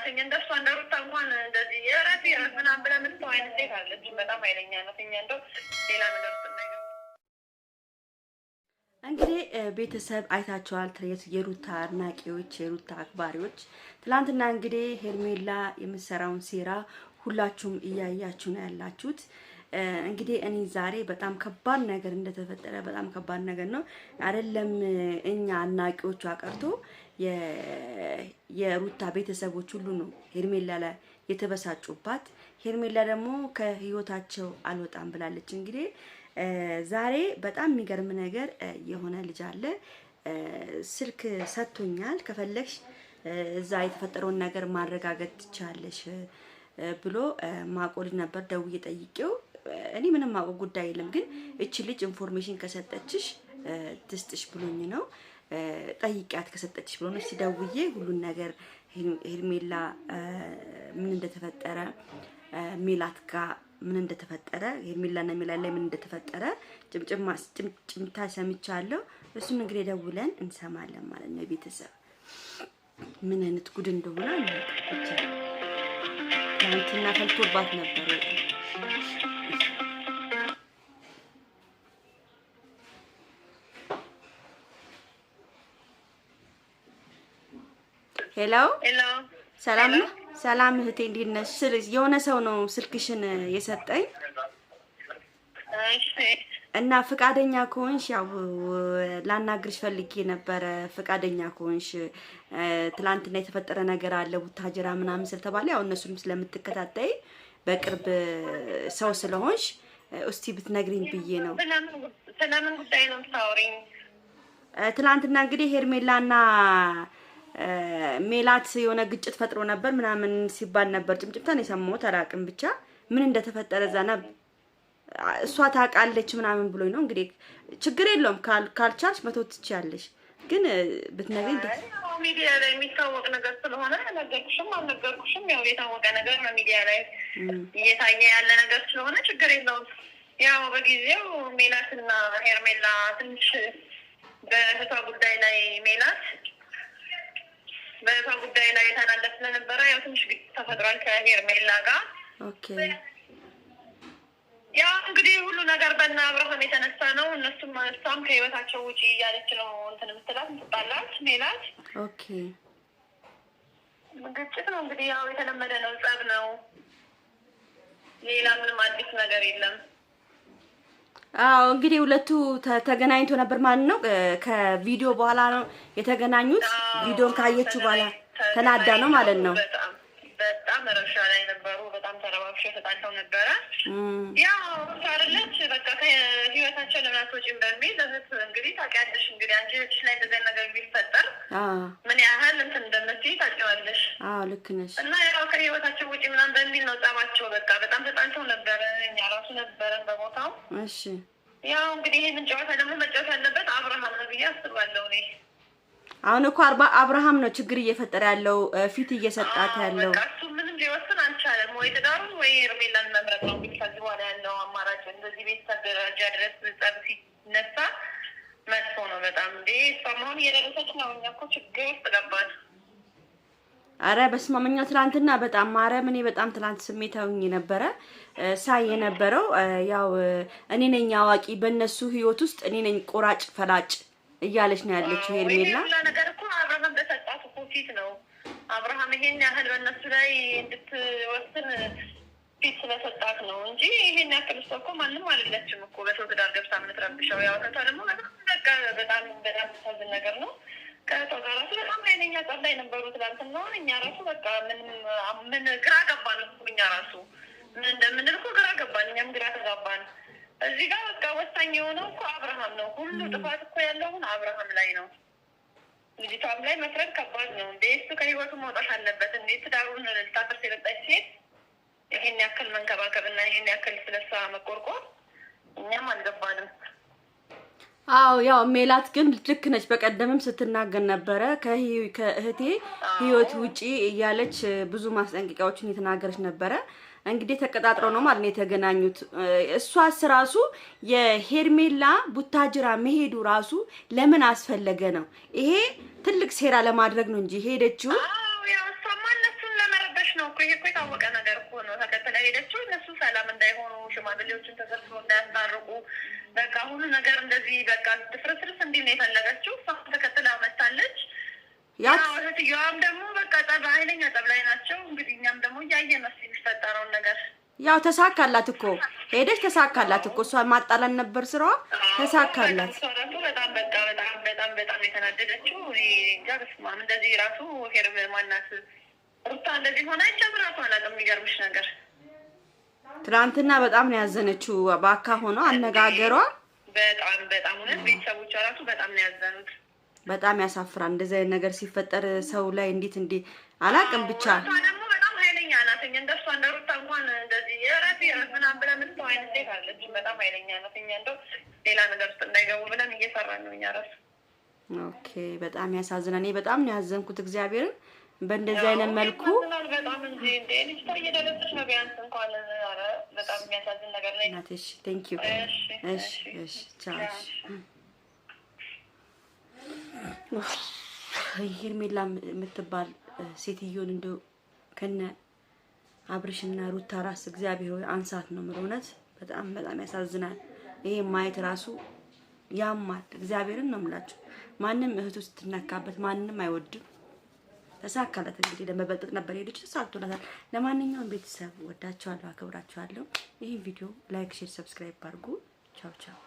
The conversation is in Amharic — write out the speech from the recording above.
ናትኝ እንደ እሷ እንደ ሩታ እንኳን እንደዚህ የራሴ ራስ ምናምን ምን ሰው አይነት ሴት አለች። በጣም ኃይለኛ ናት። እኛ እንደው ሌላ ነገር ስናየ እንግዲህ ቤተሰብ አይታቸዋል። የሩታ አድናቂዎች፣ የሩታ አክባሪዎች ትላንትና እንግዲህ ሄርሜላ የምትሰራውን ሴራ ሁላችሁም እያያችሁ ነው ያላችሁት። እንግዲህ እኔ ዛሬ በጣም ከባድ ነገር እንደተፈጠረ በጣም ከባድ ነገር ነው። አይደለም እኛ አናቂዎቹ አቀርቶ የሩታ ቤተሰቦች ሁሉ ነው ሄርሜላ ላይ የተበሳጩባት። ሄርሜላ ደግሞ ከህይወታቸው አልወጣም ብላለች። እንግዲህ ዛሬ በጣም የሚገርም ነገር የሆነ ልጅ አለ ስልክ ሰጥቶኛል። ከፈለግሽ እዛ የተፈጠረውን ነገር ማረጋገጥ ትችያለሽ ብሎ ማቆልጅ ነበር ደውዬ ጠይቄው እኔ ምንም አውቅ ጉዳይ የለም፣ ግን እቺ ልጅ ኢንፎርሜሽን ከሰጠችሽ ትስጥሽ ብሎኝ ነው ጠይቂያት ከሰጠችሽ ብሎ ነው። ሲደውዬ ሁሉን ነገር ሄርሜላ ምን እንደተፈጠረ ሜላት ጋ ምን እንደተፈጠረ ሄርሜላና ሜላ ላይ ምን እንደተፈጠረ ጭምጭምታ ሰምቻለሁ። እሱን እንግዲህ ደውለን እንሰማለን ማለት ነው። ቤተሰብ ምን አይነት ጉድ እንደሆነ ትናንትና ፈልቶባት ነበር። ሄሎ ሰላም ነው። ሰላም እህቴ እንዴት ነሽ? ስል የሆነ ሰው ነው ስልክሽን የሰጠኝ እና ፍቃደኛ ከሆንሽ ያው ላናግርሽ ፈልጌ ነበረ። ፍቃደኛ ከሆንሽ ትላንትና የተፈጠረ ነገር አለ ቡታጀራ ምናምን ስለተባለ ያው እነሱንም ስለምትከታተይ በቅርብ ሰው ስለሆንሽ እስቲ ብትነግሪኝ ብዬ ነው። ስለምን ጉዳይ ነው የምታወሪኝ? ትላንትና እንግዲህ ሄርሜላና ሜላት የሆነ ግጭት ፈጥሮ ነበር ምናምን ሲባል ነበር። ጭምጭምታን የሰማሁት አላውቅም። ብቻ ምን እንደተፈጠረ ዛና እሷ ታውቃለች ምናምን ብሎኝ ነው። እንግዲህ ችግር የለውም ካልቻልሽ መቶ ትችያለሽ፣ ግን ብትነግሪኝ ሚዲያ ላይ የሚታወቅ ነገር ስለሆነ ነገርኩሽም አልነገርኩሽም ያው የታወቀ ነገር ነው። ሚዲያ ላይ እየታየ ያለ ነገር ስለሆነ ችግር የለውም። ያው በጊዜው ሜላትና ሄርሜላ ትንሽ በእህቷ ጉዳይ ላይ ሜላት በእቷ ጉዳይ ላይ ተናደር ስለነበረ ያው ትንሽ ተፈጥሯል ከሄርሜላ ጋር። ያው እንግዲህ ሁሉ ነገር በእነ አብርሃም የተነሳ ነው። እነሱም እሷም ከህይወታቸው ውጪ እያለች ነው እንትን የምትላት ምትባላት ሜላት። ኦኬ ግጭት ነው እንግዲህ ያው የተለመደ ነው፣ ጸብ ነው። ሌላ ምንም አዲስ ነገር የለም። አዎ እንግዲህ ሁለቱ ተገናኝቶ ነበር ማለት ነው። ከቪዲዮ በኋላ ነው የተገናኙት። ቪዲዮን ካየችው በኋላ ተናዳ ነው ማለት ነው። በጣም ረብሻ ላይ ነበሩ። በጣም ተረባብሸው ተጣልተው ነበረ። ያው ሳርለች በቃ ከህይወታቸው ለምን አትወጪም በሚል እህት እንግዲህ ታውቂያለሽ፣ እንግዲህ አንቺ እህትሽ ላይ እንደዚያ ነገር ቢፈጠር ምን ያህል እንትን እንደምትይ ታውቂዋለሽ። ልክ ነሽ። እና ያው ከህይወታቸው ውጪ ምናምን በሚል ነው ጸባቸው። በቃ በጣም ተጣልተው ነበረ። እኛ ራሱ ነበረ ቦታው። እሺ ያው እንግዲህ ይህንን ጨዋታ ደግሞ መጫወት ያለበት አብርሃም ነው ብዬ አስባለሁ እኔ። አሁን እኮ አርባ አብርሃም ነው ችግር እየፈጠረ ያለው ፊት እየሰጣት ያለው። እሱ ምንም ሊወስን አልቻለም። ወይ ትዳሩን ወይ እርሜላን መምረጥ ነው እንግዲህ ከዚህ በኋላ ያለው አማራጭ። እንደዚህ ቤተሰብ ደረጃ ድረስ ጸብ ሲነሳ መጥፎ ነው በጣም እንዴ። እሷ መሆን እየደረሰች ነው። እኛ እኮ ችግር ውስጥ ገባል አረ በስማመኛ ትላንትና በጣም ማርያም እኔ በጣም ትላንት ስሜታዊ ነበረ ሳይ የነበረው ያው እኔ ነኝ አዋቂ በእነሱ ህይወት ውስጥ እኔ ነኝ ቆራጭ ፈላጭ እያለች ነው ያለችው ሄርሜላ። ነገር እኮ አብርሃም በሰጣት እኮ ፊት ነው አብርሃም ይሄን ያህል በእነሱ ላይ እንድትወስን ፊት ስለሰጣት ነው እንጂ ይሄን ያክል እሷ እኮ ማንም አልለችም እኮ በሰው ትዳር ገብታ የምትረብሸው ያው ተታ ደግሞ በጣም በጣም የሚያሳዝን ነገር ነው። ከእህቷ ጋር እራሱ በጣም ኃይለኛ ጸብ ላይ ነበሩ። ትላንትና እኛ ራሱ በቃ ምን ግራ ገባን። እኛ ራሱ ምን እንደምንል እኮ ግራ ገባን። እኛም ግራ ተጋባን። እዚህ ጋር በቃ ወሳኝ የሆነው እኮ አብርሃም ነው። ሁሉ ጥፋት እኮ ያለውን አብርሃም ላይ ነው። ልጅቷም ላይ መስረት ከባድ ነው። እንደ እሱ ከህይወቱ መውጣት አለበት። እንዴት ትዳሩን ልታፈርስ የመጣች ሴት ይሄን ያክል መንከባከብና ይሄን ያክል ስለሷ መቆርቆር እኛም አልገባንም። አዎ ያው ሜላት ግን ልክ ነች። በቀደምም ስትናገር ነበረ ከእህቴ ህይወት ውጪ እያለች ብዙ ማስጠንቀቂያዎችን የተናገረች ነበረ። እንግዲህ ተቀጣጥረው ነው ማለት ነው የተገናኙት። እሷስ ራሱ የሄርሜላ ቡታጅራ መሄዱ ራሱ ለምን አስፈለገ ነው? ይሄ ትልቅ ሴራ ለማድረግ ነው እንጂ ሄደችው ነው እኮ ይሄ እኮ የታወቀ ነገር እኮ ነው። ተከተለ ሄደችው እነሱ ሰላም እንዳይሆኑ ሽማግሌዎችን ተሰብስቦ እንዳያስታርቁ በቃ ሁሉ ነገር እንደዚህ በቃ ትፍርስርስ እንዲህ ነው የፈለገችው። እሷም ተከትላ መታለች። እህትየዋም ደግሞ በቃ ጸብ፣ ኃይለኛ ጸብ ላይ ናቸው። እንግዲህ እኛም ደግሞ እያየ መስ የሚፈጠረውን ነገር ያው ተሳካላት እኮ ሄደች፣ ተሳካላት እኮ እሷ ማጣላን ነበር ስራዋ፣ ተሳካላት። በጣም በቃ በጣም በጣም በጣም የተናደደችው እንጃ እንደዚህ ራሱ ሄር ማናት ሩታ እንደዚህ ሆናቸው ራሱ አላውቅም። የሚገርምሽ ነገር ትናንትና በጣም ነው ያዘነችው። ባካ ሆኖ አነጋገሯ በጣም በጣም ሆነ። ቤተሰቦቿ ራሱ በጣም ነው ያዘኑት። በጣም ያሳፍራል። እንደዚህ አይነት ነገር ሲፈጠር ሰው ላይ እንዴት እንዴ አላውቅም። ብቻ ደግሞ በጣም ኃይለኛ ናት። እንደሷ እንደ ሩታ እንኳን እንደዚህ የእረፍ የእረፍ ምናምን ብለን ምን ሰው አይነት ሴት አለች። በጣም ኃይለኛ ናት። እኛ እንደው ሌላ ነገር ውስጥ እንዳይገቡ ብለን እየሰራን ነው እኛ ራሱ። ኦኬ በጣም ያሳዝናል። እኔ በጣም ነው ያዘንኩት እግዚአብሔርን በእንደዚህ አይነት መልኩ በጣም እንጂ እንደ ልጅቷ እየደረሰች ነው። ቢያንስ እንኳን ኧረ በጣም የሚያሳዝን ነገር ነው። እናትሽ ቴንክ ዩ። እሺ እሺ እሺ ሄርሜላ የምትባል ሴትዮን እንዲያው ከነ አብርሽና ሩታ ራስ እግዚአብሔር ሆይ አንሳት ነው የምልህ። እውነት በጣም በጣም ያሳዝናል። ይሄ ማየት ራሱ ያማል። እግዚአብሔርን ነው የምላችሁ። ማንም እህቱ ስትነካበት ማንም አይወድም። ተሳካለት። እንግዲህ ለመበልጠጥ ነበር የሄደች ተሳክቶላታል። ለማንኛውም ቤተሰብ ወዳችኋለሁ፣ አከብራችኋለሁ። ይህን ቪዲዮ ላይክ፣ ሼር፣ ሰብስክራይብ አድርጉ። ቻው ቻው።